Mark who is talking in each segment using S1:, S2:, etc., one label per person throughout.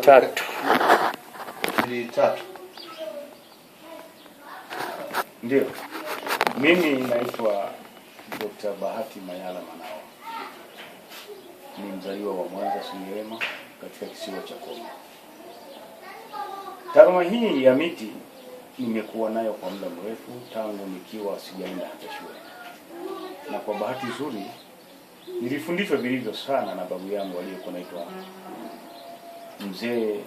S1: tatu
S2: tatu ndio mimi naitwa Dr. Bahati Mayala Manao ni mzaliwa wa Mwanza Sengerema katika kisiwa cha Koma. Taaluma hii ya miti nimekuwa nayo kwa muda mrefu tangu nikiwa sijaenda hata shule, na kwa bahati nzuri nilifundishwa vilivyo sana na babu yangu aliyekuwa naitwa mzee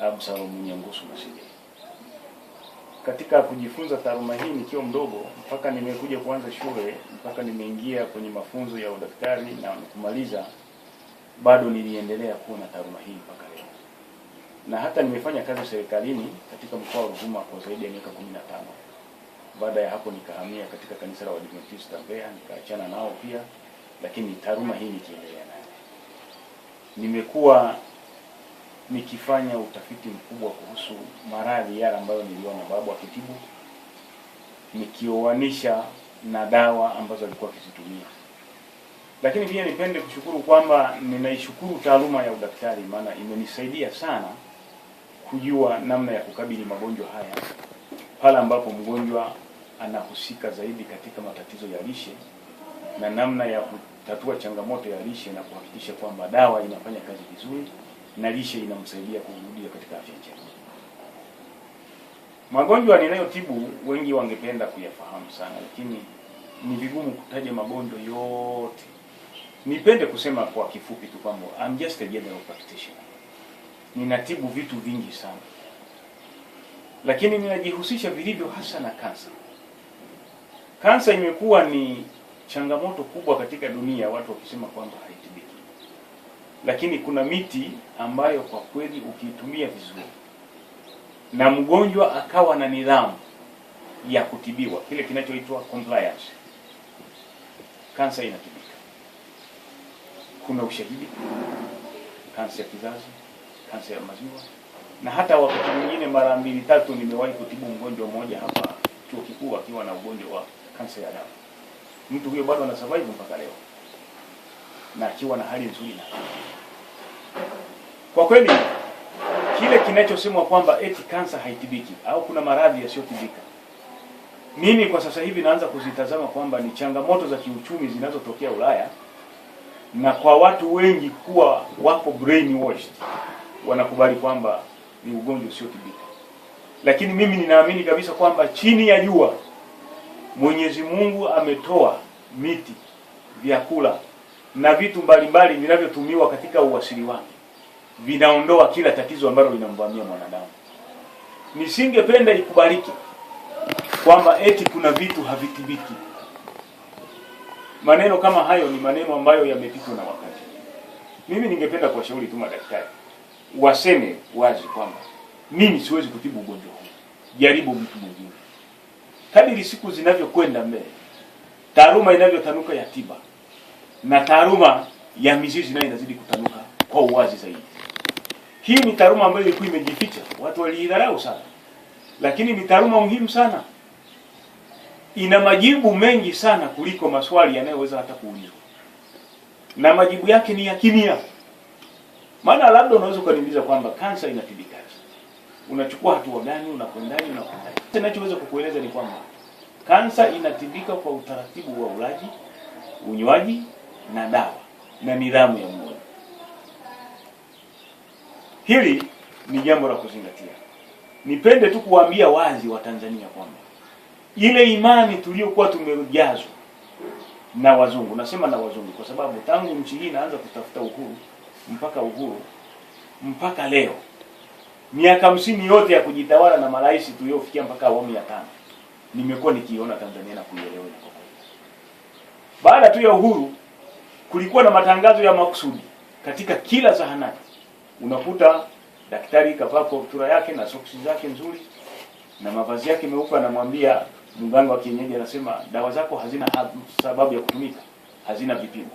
S2: Absalom Nyangusu Masinde. Katika kujifunza taaluma hii nikiwa mdogo mpaka nimekuja kuanza shule mpaka nimeingia kwenye mafunzo ya udaktari na kumaliza, bado niliendelea kuwa na taaluma hii mpaka leo, na hata nimefanya kazi serikalini katika mkoa wa Ruvuma kwa zaidi ya miaka 15. Baada ya hapo nikahamia katika kanisa la Waadventista Mbeya, nikaachana nao pia, lakini taaluma hii nikiendelea nayo nimekuwa nikifanya utafiti mkubwa kuhusu maradhi yale ambayo niliona babu akitibu, nikioanisha na dawa ambazo alikuwa akizitumia. Lakini pia nipende kushukuru kwamba ninaishukuru taaluma ya udaktari, maana imenisaidia sana kujua namna ya kukabili magonjwa haya pale ambapo mgonjwa anahusika zaidi katika matatizo ya lishe na namna ya kutatua changamoto ya lishe na kuhakikisha kwamba dawa inafanya kazi vizuri na lishe inamsaidia kurudia katika afya njema. Magonjwa ninayotibu wengi wangependa kuyafahamu sana, lakini ni vigumu kutaja magonjwa yote. Nipende kusema kwa kifupi tu kwamba I'm just a general practitioner, ninatibu vitu vingi sana, lakini ninajihusisha vilivyo hasa na kansa. Kansa imekuwa ni changamoto kubwa katika dunia, watu wakisema kwamba haitibiki lakini kuna miti ambayo kwa kweli ukiitumia vizuri na mgonjwa akawa na nidhamu ya kutibiwa, kile kinachoitwa compliance, kansa inatibika. Kuna ushahidi, kansa ya kizazi, kansa ya maziwa na hata wakati mwingine mara mbili tatu nimewahi kutibu mgonjwa mmoja hapa chuo kikuu akiwa na ugonjwa wa kansa ya damu. Mtu huyo bado ana survive mpaka leo na akiwa na hali nzuri na kwa kweli kile kinachosemwa kwamba eti kansa haitibiki au kuna maradhi yasiyotibika, mimi kwa sasa hivi naanza kuzitazama kwamba ni changamoto za kiuchumi zinazotokea Ulaya, na kwa watu wengi kuwa wako brainwashed, wanakubali kwamba ni ugonjwa usiotibika. Lakini mimi ninaamini kabisa kwamba chini ya jua Mwenyezi Mungu ametoa miti, vyakula na vitu mbalimbali vinavyotumiwa katika uwasili wake vinaondoa kila tatizo ambalo linamvamia mwanadamu. Nisingependa ikubaliki kwamba eti kuna vitu havitibiki. Maneno kama hayo ni maneno ambayo yamepitwa na wakati. Mimi ningependa kuwashauri tu madaktari waseme wazi kwamba mimi siwezi kutibu ugonjwa huu, jaribu mtu mwingine. Kadiri siku zinavyokwenda mbele, taaluma inavyotanuka ya tiba na taaluma ya mizizi nayo inazidi kutanuka kwa uwazi zaidi. Hii ni taaluma ambayo ilikuwa imejificha, watu waliidharau sana, lakini ni taaluma muhimu sana, ina majibu mengi sana kuliko maswali yanayoweza hata kuulizwa, na majibu yake ni ya kimya. Maana labda unaweza ukaniuliza kwamba kansa inatibika, unachukua hatua gani, unakwendaje, unakwendaje? Ninachoweza kukueleza ni kwamba kansa inatibika kwa utaratibu wa ulaji, unywaji na dawa na nidhamu ya moyo. Hili ni jambo la kuzingatia. Nipende tu kuwaambia wazi Watanzania kwamba ile imani tuliyokuwa tumejazwa na wazungu, nasema na wazungu kwa sababu tangu nchi hii inaanza kutafuta uhuru mpaka uhuru mpaka leo, miaka hamsini yote ya kujitawala na marais tuliyofikia mpaka awamu ya tano, nimekuwa nikiona Tanzania na kuielewa. Baada tu ya uhuru kulikuwa na matangazo ya makusudi katika kila zahanati. Unakuta daktari kavaa kaptura yake na soksi zake nzuri na mavazi yake meupe, anamwambia mganga wa kienyeji, anasema dawa zako hazina sababu ya kutumika, hazina vipimo.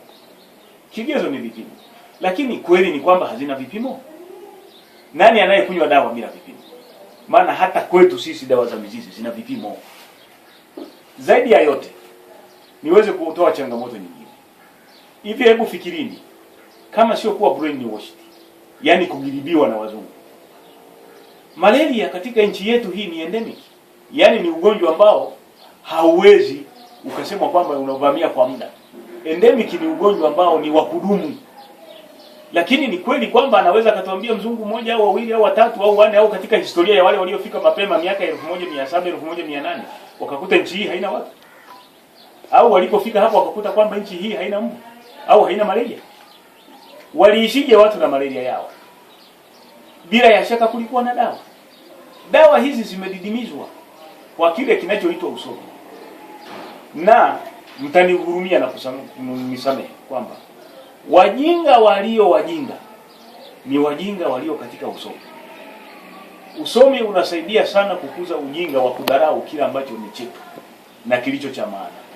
S2: Kigezo ni vipimo, lakini kweli ni kwamba hazina vipimo? Nani anayekunywa dawa bila vipimo? Maana hata kwetu sisi dawa za mizizi zina vipimo. Zaidi ya yote, niweze kutoa changamoto nyingi hivi. Hebu fikirini kama sio kuwa brainwashed, yaani kugiribiwa na wazungu. Malaria katika nchi yetu hii ni endemic, yaani ni ugonjwa ambao hauwezi ukasema kwamba unavamia kwa muda. Endemic ni ugonjwa ambao ni wa kudumu, lakini ni kweli kwamba anaweza akatuambia mzungu mmoja au wawili au watatu au wanne au katika historia ya wale waliofika mapema miaka 1700 1800 wakakuta nchi hii haina watu, au walipofika hapo wakakuta kwamba nchi hii haina mbu au haina malaria? Waliishije watu na malaria yao? Bila ya shaka kulikuwa na dawa. Dawa hizi zimedidimizwa kwa kile kinachoitwa usomi, na mtanihurumia na kunisamehe kwamba wajinga walio wajinga ni wajinga walio katika usomi. Usomi unasaidia sana kukuza ujinga wa kudharau kile ambacho ni chetu na kilicho cha maana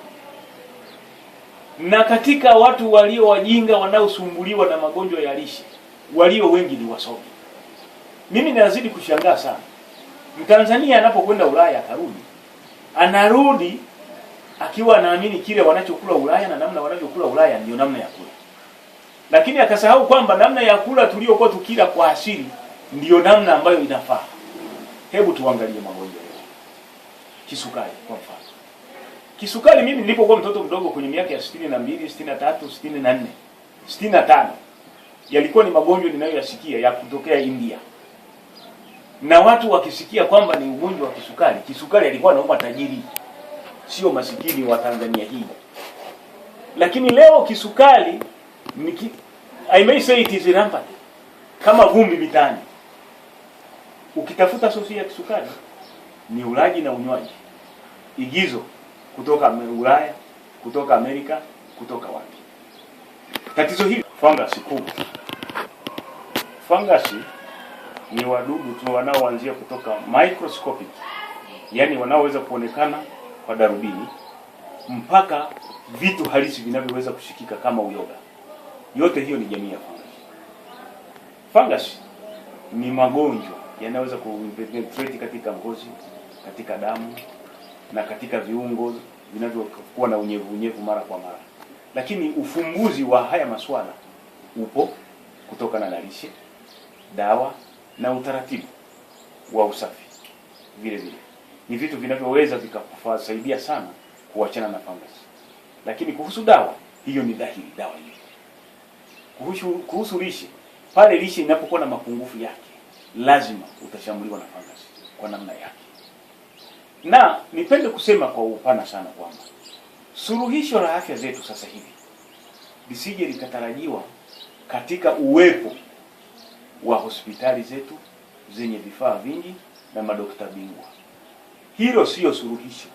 S2: na katika watu walio wajinga wanaosumbuliwa na magonjwa ya lishe walio wengi ni wasomi. Mimi nazidi kushangaa sana, mtanzania anapokwenda Ulaya akarudi, anarudi akiwa anaamini kile wanachokula Ulaya na namna wanavyokula Ulaya ndio namna ya kula, lakini akasahau kwamba namna ya kula tuliyokuwa tukila kwa asili ndiyo namna ambayo inafaa. Hebu tuangalie magonjwa ya kisukari kwa mfano. Kisukari mimi nilipokuwa mtoto mdogo kwenye miaka ya 62, 63, 64, 65 yalikuwa ni magonjwa ninayoyasikia ya kutokea India. Na watu wakisikia kwamba ni ugonjwa wa kisukari, kisukari alikuwa anauma tajiri, sio masikini wa Tanzania hii. Lakini leo kisukari ki, I may say it is rampant kama vumbi mitani Ukitafuta sosi ya kisukari ni ulaji na unywaji. Igizo kutoka Ulaya, kutoka Amerika, kutoka wapi. Tatizo hili fangasi kubwa. Fangasi ni wadudu tu wanaoanzia kutoka microscopic, yaani wanaoweza kuonekana kwa darubini mpaka vitu halisi vinavyoweza kushikika kama uyoga. Yote hiyo ni jamii ya fangasi. Fangasi ni magonjwa yanayoweza kupenetrate katika ngozi, katika damu na katika viungo vinavyokuwa na unyevu unyevu mara kwa mara. Lakini ufumbuzi wa haya masuala upo kutokana na lishe, dawa na utaratibu wa usafi. Vile vile ni vitu vinavyoweza vikasaidia sana kuachana na fangasi. Lakini kuhusu dawa, hiyo ni dhahiri, dawa hiyo. Kuhusu, kuhusu lishe, pale lishe inapokuwa na mapungufu yake, lazima utashambuliwa na fangasi kwa namna yake na nipende kusema kwa upana sana kwamba suluhisho la afya zetu sasa hivi lisije likatarajiwa katika uwepo wa hospitali zetu zenye vifaa vingi na madokta bingwa. Hilo siyo suluhisho.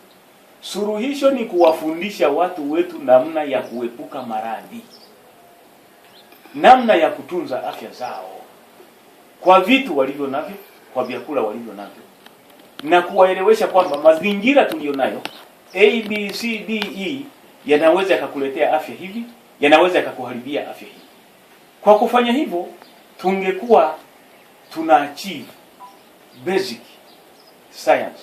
S2: Suluhisho ni kuwafundisha watu wetu namna ya kuepuka maradhi, namna ya kutunza afya zao kwa vitu walivyo navyo, kwa vyakula walivyo navyo na kuwaelewesha kwamba mazingira tuliyonayo A B C D E yanaweza yakakuletea afya hivi, yanaweza yakakuharibia afya hivi. Kwa kufanya hivyo, tungekuwa tuna achieve basic science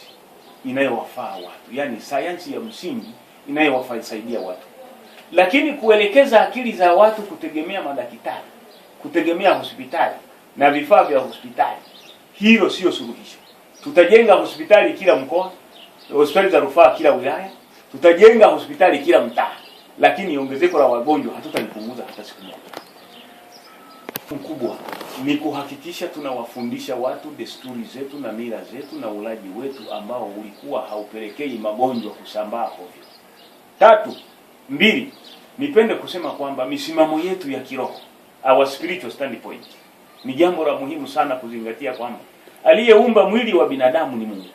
S2: inayowafaa watu, yani sayansi ya msingi inayowafasaidia watu. Lakini kuelekeza akili za watu kutegemea madaktari, kutegemea hospitali na vifaa vya hospitali, hilo sio suluhisho. Tutajenga hospitali kila mkoa, hospitali za rufaa kila wilaya, tutajenga hospitali kila mtaa, lakini ongezeko la wagonjwa hatutalipunguza hata siku moja. Mkubwa ni kuhakikisha tunawafundisha watu desturi zetu na mila zetu na ulaji wetu ambao ulikuwa haupelekei magonjwa kusambaa hovyo. Tatu, mbili, nipende kusema kwamba misimamo yetu ya kiroho, our spiritual standpoint, ni jambo la muhimu sana kuzingatia kwamba aliyeumba mwili wa binadamu ni Mungu.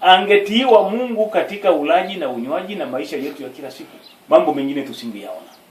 S2: Angetiiwa Mungu katika ulaji na unywaji na maisha yetu ya kila siku, mambo mengine tusingeyaona.